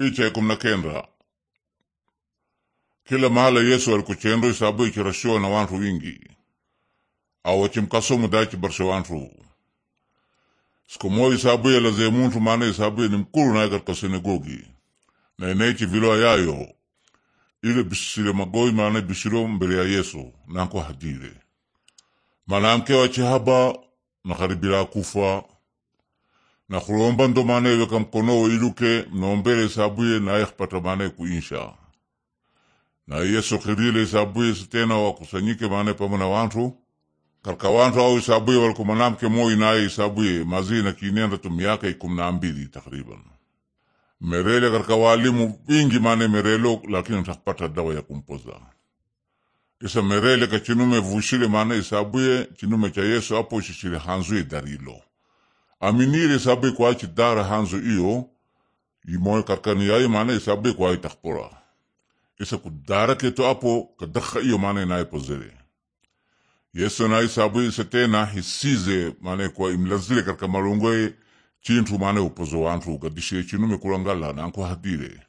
icha ya na kenda kila mahala yesu alikuchendo isabu ichirashiwa na wantu wingi awachimkasumu daichi barsha wantu sikumo isabuye laze muntu maana ya ni mkulu naye katika sinagogi na eneichi vilo ayayo ile bisile magoi maana bishilo mbele ya yesu nanko hadile chihaba na nakaribila kufa na kulomba ndo maana iweka mkono iluke mnombele isabuye naye kupata maana kuinsha na yesu kirile sabuye sitena wakusanyike maana pamo na wantu karka wantu au isabuye waliko mwanamke moi naye isabuye mazina kinenda tu miaka ikumi na mbili takriban merele karka walimu wingi maana merelo lakini takupata dawa ya kumpoza isa merele kachinume vushile maana sabuye chinume cha yesu apo shishile hanzuye darilo aminire sabi kuai ci dara hanzo iyo i karkani karkaniai mana i sabi kuai takpora isa ku dara apo kadakha iyo mana inai pozere yeso nai sabi isa tena hisize mana kwa imlazile karka marungoi chintu mana upozo wantu gadishe chinu mekurangala na anko hadire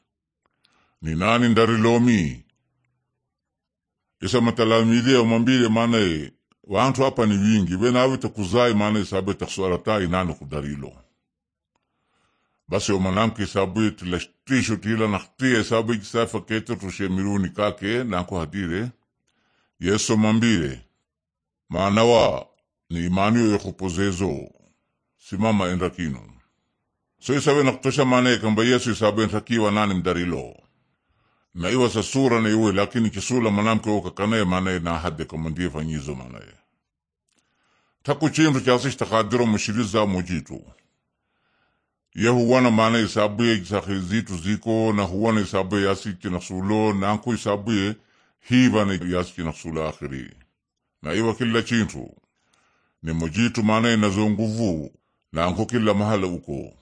ni nani ndarilomi isa matalamidie umambile mana wantu hapa ni wingi wenawita kuzai maana isabuye ta inane kudarilo basi omanamke isabuye tilastisho tila naktia isabuye kisafa kete tushemiruni kake nako hadire yesu mambire maanawa ni yo yekupozezo simama enda kino so isabe nakutosha maana ikamba yesu isabuye ntakiwa nane mdarilo na iwa sasura na iwe lakini kisula manamke okakanaye maanaye na hade kamandiye fanyizo maanaye takuchindu chasi chitakadira mushiriza mujitu ye huwana maana isabuye gisaki zitu ziko na huwana isabuye yasi kinasulo nanku isabuye hivana yasi kinasulo akhiri na iwa kila chintu ni mujitu maana inazo nguvu nanku kila mahala uko